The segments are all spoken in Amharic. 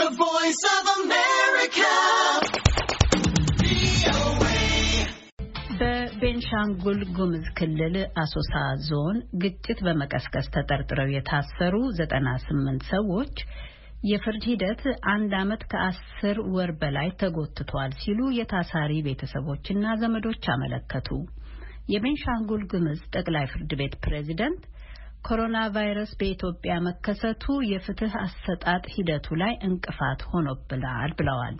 The Voice of America. በቤንሻንጉል ጉምዝ ክልል አሶሳ ዞን ግጭት በመቀስቀስ ተጠርጥረው የታሰሩ ዘጠና ስምንት ሰዎች የፍርድ ሂደት አንድ ዓመት ከአስር ወር በላይ ተጎትቷል ሲሉ የታሳሪ ቤተሰቦችና ዘመዶች አመለከቱ። የቤንሻንጉል ጉምዝ ጠቅላይ ፍርድ ቤት ፕሬዚደንት ኮሮና ቫይረስ በኢትዮጵያ መከሰቱ የፍትህ አሰጣጥ ሂደቱ ላይ እንቅፋት ሆኖብናል ብለዋል።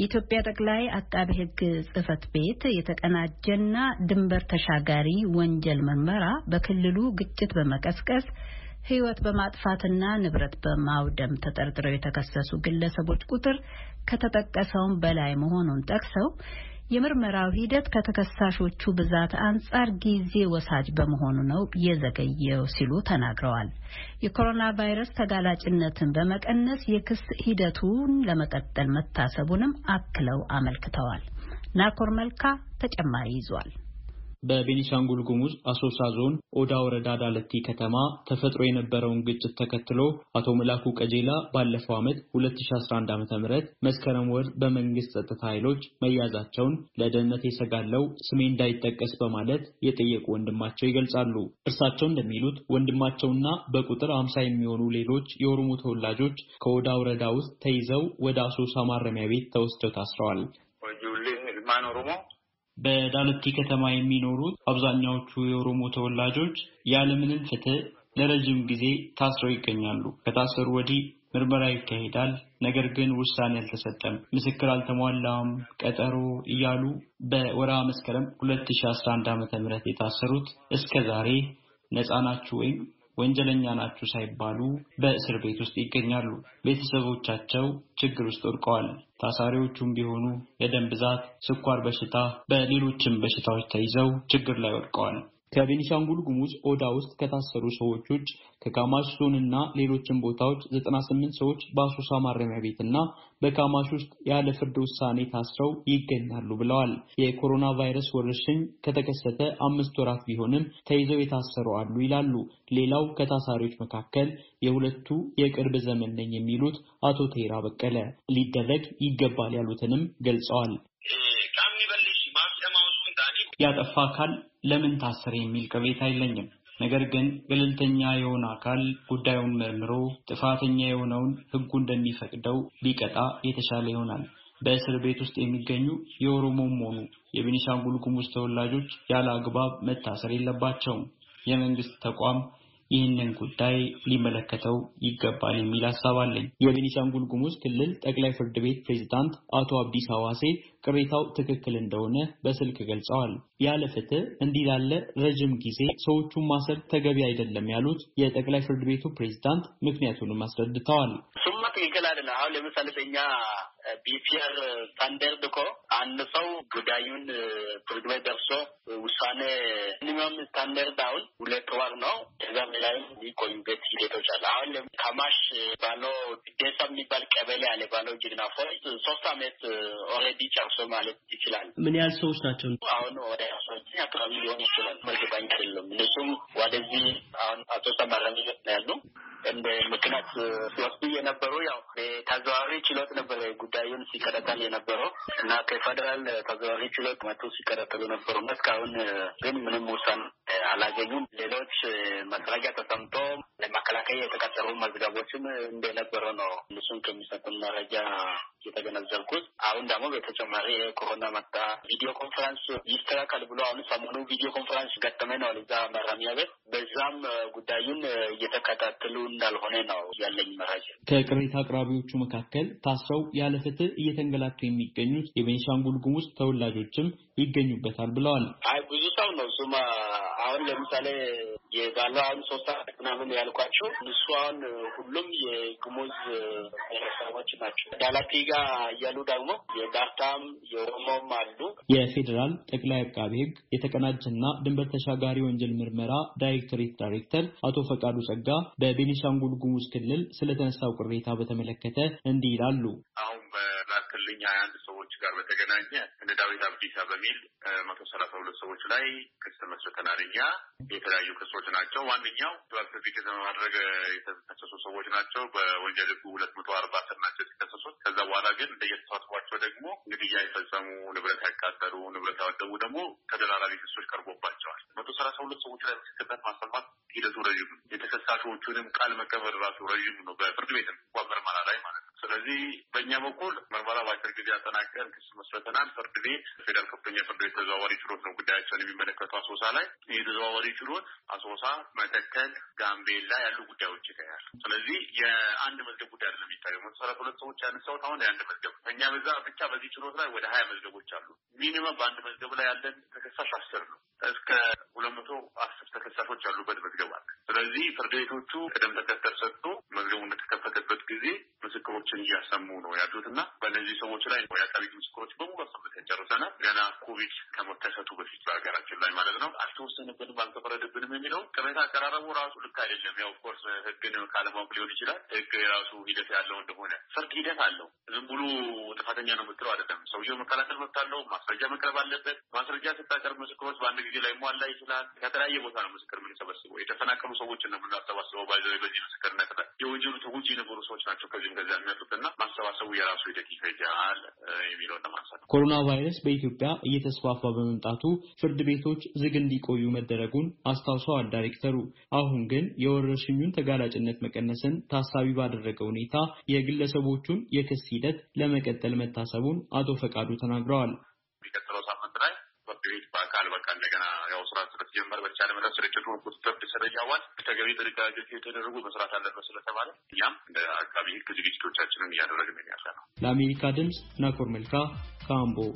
የኢትዮጵያ ጠቅላይ አቃቤ ሕግ ጽህፈት ቤት የተቀናጀና ድንበር ተሻጋሪ ወንጀል ምርመራ በክልሉ ግጭት በመቀስቀስ ሕይወት በማጥፋትና ንብረት በማውደም ተጠርጥረው የተከሰሱ ግለሰቦች ቁጥር ከተጠቀሰውም በላይ መሆኑን ጠቅሰው የምርመራው ሂደት ከተከሳሾቹ ብዛት አንጻር ጊዜ ወሳጅ በመሆኑ ነው የዘገየው ሲሉ ተናግረዋል። የኮሮና ቫይረስ ተጋላጭነትን በመቀነስ የክስ ሂደቱን ለመቀጠል መታሰቡንም አክለው አመልክተዋል። ናኮር መልካ ተጨማሪ ይዟል። በቤኒሻንጉል ጉሙዝ አሶሳ ዞን ኦዳ ወረዳ ዳለቲ ከተማ ተፈጥሮ የነበረውን ግጭት ተከትሎ አቶ ምላኩ ቀጄላ ባለፈው ዓመት 2011 ዓ.ም መስከረም ወር በመንግስት ጸጥታ ኃይሎች መያዛቸውን ለደህንነት የሰጋለው ስሜ እንዳይጠቀስ በማለት የጠየቁ ወንድማቸው ይገልጻሉ። እርሳቸው እንደሚሉት ወንድማቸውና በቁጥር አምሳ የሚሆኑ ሌሎች የኦሮሞ ተወላጆች ከኦዳ ወረዳ ውስጥ ተይዘው ወደ አሶሳ ማረሚያ ቤት ተወስደው ታስረዋል። በዳለቲ ከተማ የሚኖሩት አብዛኛዎቹ የኦሮሞ ተወላጆች ያለምንም ፍትህ ለረጅም ጊዜ ታስረው ይገኛሉ። ከታሰሩ ወዲህ ምርመራ ይካሄዳል፣ ነገር ግን ውሳኔ አልተሰጠም፣ ምስክር አልተሟላም፣ ቀጠሮ እያሉ በወርሃ መስከረም 2011 ም የታሰሩት እስከ ዛሬ ነፃ ናችሁ ወይም ወንጀለኛ ናችሁ ሳይባሉ በእስር ቤት ውስጥ ይገኛሉ። ቤተሰቦቻቸው ችግር ውስጥ ወድቀዋል። ታሳሪዎቹም ቢሆኑ የደም ብዛት፣ ስኳር በሽታ፣ በሌሎችም በሽታዎች ተይዘው ችግር ላይ ወድቀዋል። ከቤኒሻንጉል ጉሙዝ ኦዳ ውስጥ ከታሰሩ ሰዎች ውጭ ከካማሽ ዞንና ሌሎችም ቦታዎች 98 ሰዎች በአሶሳ ማረሚያ ቤትና በካማሽ ውስጥ ያለ ፍርድ ውሳኔ ታስረው ይገኛሉ ብለዋል። የኮሮና ቫይረስ ወረርሽኝ ከተከሰተ አምስት ወራት ቢሆንም ተይዘው የታሰሩ አሉ ይላሉ። ሌላው ከታሳሪዎች መካከል የሁለቱ የቅርብ ዘመን ነኝ የሚሉት አቶ ተይራ በቀለ ሊደረግ ይገባል ያሉትንም ገልጸዋል። ያጠፋ አካል ለምን ታሰር የሚል ቅቤት አይለኝም። ነገር ግን ገለልተኛ የሆነ አካል ጉዳዩን መርምሮ ጥፋተኛ የሆነውን ሕጉ እንደሚፈቅደው ቢቀጣ የተሻለ ይሆናል። በእስር ቤት ውስጥ የሚገኙ የኦሮሞም ሆኑ የቤኒሻንጉል ጉሙዝ ተወላጆች ያለ አግባብ መታሰር የለባቸውም። የመንግስት ተቋም ይህንን ጉዳይ ሊመለከተው ይገባል የሚል ሀሳብ አለኝ። የቤኒሻንጉል ጉሙዝ ክልል ጠቅላይ ፍርድ ቤት ፕሬዝዳንት አቶ አብዲስ ሐዋሴ ቅሬታው ትክክል እንደሆነ በስልክ ገልጸዋል። ያለ ፍትህ እንዲህ ላለ ረጅም ጊዜ ሰዎቹን ማሰር ተገቢ አይደለም ያሉት የጠቅላይ ፍርድ ቤቱ ፕሬዝዳንት ምክንያቱንም አስረድተዋል። እሱማ ትክክል አይደለም። አሁን ለምሳሌ በእኛ ቢፒአር ስታንደርድ እኮ አንድ ሰው ጉዳዩን ፍርድ ቤት ደርሶ ውሳኔ ሚኒመም ስታንደርድ አሁን ሁለት ወር ነው በዛም ላይ የሚቆዩበት ሂደቶች አለ። አሁን ከማሽ ባሎ ዴሳ የሚባል ቀበሌ አለ። ባሎ ጅግና ፎ ሶስት አመት ኦልሬዲ ጨርሶ ማለት ይችላል። ምን ያህል ሰዎች ናቸው? አሁን ወደ ሰዎች አካባቢ ሊሆን ይችላል። መልግባኝ አይደለም። እነሱም ወደዚህ አሁን አቶ ሰማራሚ ያሉ እንደ ምክንያት ሲወስዱ የነበሩ ያው ተዘዋዋሪ ችሎት ነበረ ጉዳዩን ሲከታተል የነበረው እና ከፌደራል ተዘዋዋሪ ችሎት መቶ ሲከታተሉ ነበሩ። እስካሁን ግን ምንም ውሳኔ አላገኙም። ሌሎች መረጃ ተሰምቶ ለመከላከያ የተቀጠሩ መዝገቦችም እንደነበረ ነው። እሱን ከሚሰጡን መረጃ የተገነዘብኩት። አሁን ደግሞ በተጨማሪ የኮሮና መጣ ቪዲዮ ኮንፈረንስ ይስተካከል ብሎ አሁን ሰሞኑ ቪዲዮ ኮንፈረንስ ገጠመኝ ነው እዛ ማረሚያ ቤት። በዛም ጉዳዩን እየተከታተሉ እንዳልሆነ ነው ያለኝ መረጃ። ከቅሬታ አቅራቢዎቹ መካከል ታስረው ያለ ፍትህ እየተንገላቱ የሚገኙት የቤንሻንጉል ጉሙዝ ተወላጆችም ይገኙበታል ብለዋል። አይ ብዙ ሰው ነው እሱማ አሁን ለምሳሌ የባለው አሁን ሶስት አመት ምናምን ያልኳቸው እሱ አሁን ሁሉም የጉሙዝ ብሔረሰቦች ናቸው። ዳላቲጋ እያሉ ደግሞ የዳርታም የኦሮሞም አሉ። የፌዴራል ጠቅላይ አቃቢ ሕግ የተቀናጀና ድንበር ተሻጋሪ ወንጀል ምርመራ ዳይሬክቶሬት ዳይሬክተር አቶ ፈቃዱ ጸጋ በቤኒሻንጉል ጉሙዝ ክልል ስለተነሳው ቅሬታ በተመለከተ እንዲህ ይላሉ። ከላክልኝ ሀያ አንድ ሰዎች ጋር በተገናኘ እነ ዳዊት አብዲሳ በሚል መቶ ሰላሳ ሁለት ሰዎች ላይ ክስ መስርተናል። እኛ የተለያዩ ክሶች ናቸው። ዋነኛው ሰርቲፊኬት በማድረግ የተከሰሱ ሰዎች ናቸው። በወንጀል ህጉ ሁለት መቶ አርባ ስር ናቸው የተከሰሱት። ከዛ በኋላ ግን እንደየተሳትፏቸው ደግሞ እንግዲህ የፈጸሙ ንብረት ያቃጠሉ፣ ንብረት ያወደሙ ደግሞ ተደራራቢ ክሶች ቀርቦባቸዋል። መቶ ሰላሳ ሁለት ሰዎች ላይ ምስክርነት ማሰማት ሂደቱ ረዥም ነው። የተከሳሾቹንም ቃል መቀበል ራሱ ረዥም ነው። በፍርድ ቤትም ምርመራ ላይ ማለት ነው ስለዚህ በእኛ በኩል ምርመራ በአጭር ጊዜ አጠናቀን ክስ መስረተናል። ፍርድ ቤት ፌደራል ከፍተኛ ፍርድ ቤት ተዘዋዋሪ ችሎት ነው ጉዳያቸውን የሚመለከተው አሶሳ ላይ። ይህ ተዘዋዋሪ ችሎት አሶሳ፣ መተከል፣ ጋምቤላ ያሉ ጉዳዮች ይታያል። ስለዚህ የአንድ መዝገብ ጉዳይ አይደለም የሚታየው መሰረት ሁለት ሰዎች ያነሳሁት አሁን የአንድ መዝገብ እኛ በዛ ብቻ በዚህ ችሎት ላይ ወደ ሀያ መዝገቦች አሉ። ሚኒመም በአንድ መዝገብ ላይ ያለን ተከሳሽ አስር ነው እስከ ሁለት መቶ አስር ተከሳሾች ያሉበት መዝገብ አለ። ስለዚህ ፍርድ ቤቶቹ ቅደም ተከተል ሰጥቶ መዝገቡ እንደተከፈተበት ጊዜ ምስክሮች ምስክሮችን እያሰሙ ነው ያሉት እና በእነዚህ ሰዎች ላይ የአቃቤ ምስክሮች በሙሉ አሰምተን ጨርሰናል። ገና ኮቪድ ከመከሰቱ በፊት በሀገራችን ላይ ማለት ነው አልተወሰንብንም፣ አልተፈረደብንም የሚለው ቅሬታ አቀራረቡ ራሱ ልክ አይደለም። ያው ኦፍኮርስ ህግን ካለማወቅ ሊሆን ይችላል። ህግ የራሱ ሂደት ያለው እንደሆነ ፍርድ ሂደት አለው። ዝም ብሎ ጥፋተኛ ነው የምትለው አይደለም። ሰውየው መከላከል መብት አለው። ማስረጃ መቅረብ አለበት። ማስረጃ ስታቀርብ ምስክሮች በአንድ ጊዜ ላይ ሟላ ይችላል። ከተለያየ ቦታ ነው ምስክር የምንሰበስበው። የተፈናቀሉ ሰዎችን ነው የምናሰባስበው። ባይዘ በዚህ ምስክርነት ላይ የወንጀሉ ተጎጂ የነበሩ ሰዎች ናቸው። ከዚህም ከዚያ ያሉትና ማሰባሰቡ የራሱ ሂደት ይፈጃል የሚለውን ለማንሳት ኮሮና ቫይረስ በኢትዮጵያ እየተስፋፋ በመምጣቱ ፍርድ ቤቶች ዝግ እንዲቆዩ መደረጉን አስታውሰዋል ዳይሬክተሩ። አሁን ግን የወረርሽኙን ተጋላጭነት መቀነስን ታሳቢ ባደረገ ሁኔታ የግለሰቦቹን የክስ ሂደት ለመቀጠል መታሰቡን አቶ ፈቃዱ ተናግረዋል። ያው ስራ ስለተጀመረ በተቻለ መጠን ስርጭቱ ቁጥጥር ስለያዋል ተገቢ ጥንቃቄዎች የተደረጉ መስራት አለበት ስለተባለ እኛም እንደ አቃቢ ሕግ ዝግጅቶቻችንን እያደረግን ያለ ነው። ለአሜሪካ ድምፅ ናኮር መልካ ካምቦ